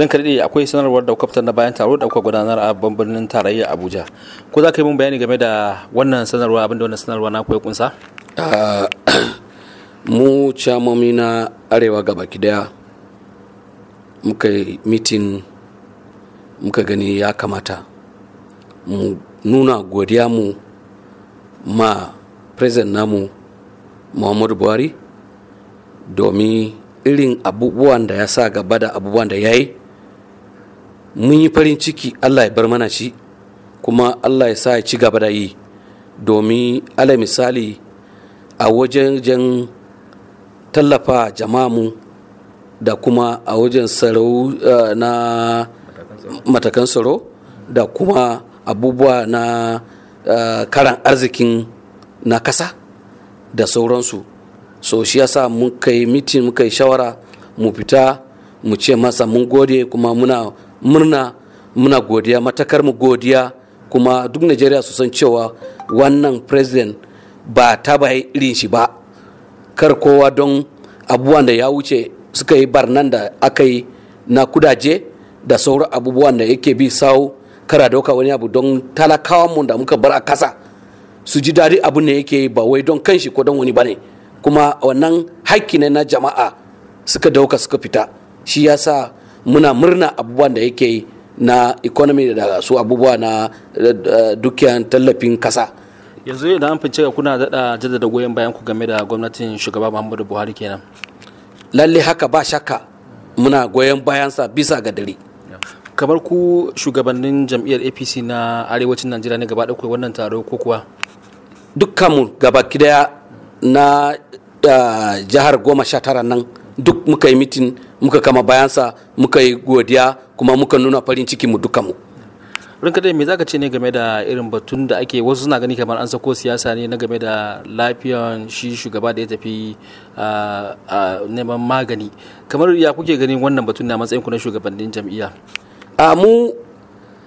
don karɗe akwai sanarwar da kwaftar na bayan taro da kuka gudanar a babban birnin tarayya abuja ko za ka yi mun bayani game da wannan sanarwa abinda wannan sanarwa na koyi kunsa ah, mu camomi na arewa gaba daya muka yi mitin muka gani ya kamata mu nuna godiya mu ma president namu muhammadu buhari domin irin abubuwan da ya sa gaba da abubuwan da ya yi mun yi farin ciki allah ya bar mana shi kuma allah ya sa ya ci gaba da yi domin ala misali a wajen tallafa jama'amu da kuma a wajen tsaro eh, na matakan tsaro da kuma abubuwa na eh, karan arzikin na kasa da sauransu so shi yasa mun kai mitin mun yi shawara mu fita mu ce masa mun gode kuma muna murna muna godiya matakar mu godiya kuma duk najeriya su san cewa wannan president ba ta ba irin shi ba kar kowa don abubuwan da ya wuce suka yi barnan da aka yi na kudaje da sauran abubuwan da yake bi sawo kara dauka wani abu don talakawan mu da muka bar a kasa su ji daɗi abu ne yake yi ba wai don kanshi ko don wani bane kuma wannan haƙƙi ne na jama'a suka dauka suka fita shi yasa muna murna abubuwan da yake na economy da su abubuwa na eh, dukiyan tallafin kasa yanzu da an fice kuna daɗa jaddada goyon bayan ku game da gwamnatin shugaba muhammadu buhari kenan lalle haka ba shakka muna goyon bayansa bisa ga dare kamar ku shugabannin jam'iyyar apc na arewacin najeriya ne gaba ɗaukwai wannan taro ko kuwa dukkanmu gaba kidaya na eh, jihar goma sha tara nan duk muka yi mitin muka kama bayansa muka yi godiya kuma muka nuna farin ciki mu dukanmu ranka dai me zaka ce ne game da irin batun da ake wasu suna gani kamar an sako siyasa ne na game da lafiyan shi shugaba da ya tafi neman magani kamar ya kuke ganin wannan batun na matsayin ku na shugabannin jam'iyya a mu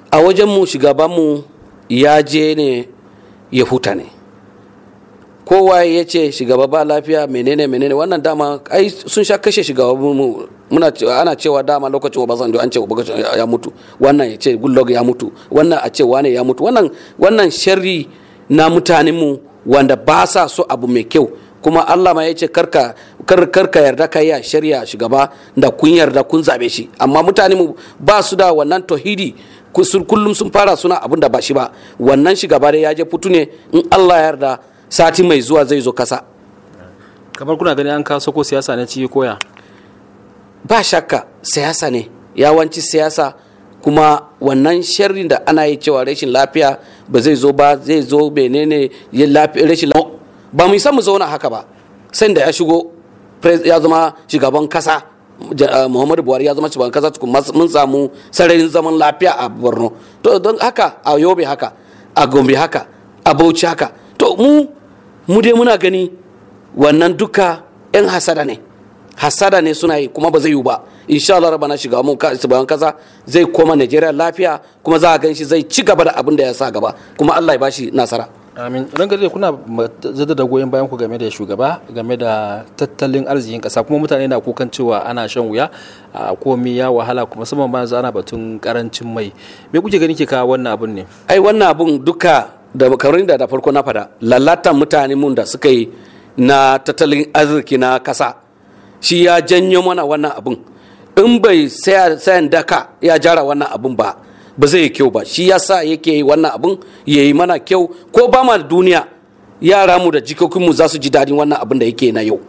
a wajen mu shugaban mu ya je ne ya huta ne kowa ya ce shugaba ba lafiya menene menene wannan dama ai sun sha kashe shugaba muna ana cewa dama lokacin ba zan an ce ya mutu wannan ya ce gullog ya mutu wannan a ce wane ya mutu wannan wannan sharri na mutanenmu wanda ba sa so abu mai kyau kuma Allah ma ya ce karka karka yarda ka yi shari'a shugaba da kun yarda kun zabe shi amma mutanen mu ba su da wannan tauhidi kullum sun fara suna abin da ba shi ba wannan shugaba da ya je fitu ne in Allah ya yarda sati mai zuwa zai zo kasa kamar kuna gani an kaso ko siyasa ne ci koya ba shakka siyasa ne yawanci siyasa kuma wannan sharri da ana yi cewa rashin lafiya ba zai zo ba zai zo menene rashin lafiya ba mu san mu zauna haka ba sai da ya shigo ya zama shugaban kasa ah, muhammadu buhari ya zama shugaban kasa tukun mun samu sararin zaman lafiya a borno to don haka a yobe haka a gombe haka a bauchi haka to mu mu dai muna gani wannan duka 'yan hasada ne hasada ne suna yi kuma ba zai yi ba insha Allah rabana shiga mun shugaban kasa zai koma Najeriya lafiya kuma za a gan shi zai ci gaba da abin da ya sa gaba kuma Allah ya bashi nasara amin rangar da kuna zada da goyon bayan ku game da shugaba game da tattalin arzikin kasa kuma mutane na kukan cewa ana shan wuya a komi ya wahala kuma musamman ma ana batun karancin mai me kuke gani ke ka wannan abun ne ai wannan abun duka da karin da da farko na fada lalatan mutane mun da suka yi na tattalin arziki na kasa shi ya janyo mana wannan abin in bai sayan daka ya jara wannan abin ba ba zai yi kyau ba shi ya sa yake yi wannan abin ya yi mana kyau ko ba ma duniya yara mu da jikokinmu za su ji daɗin wannan abin da yake na yau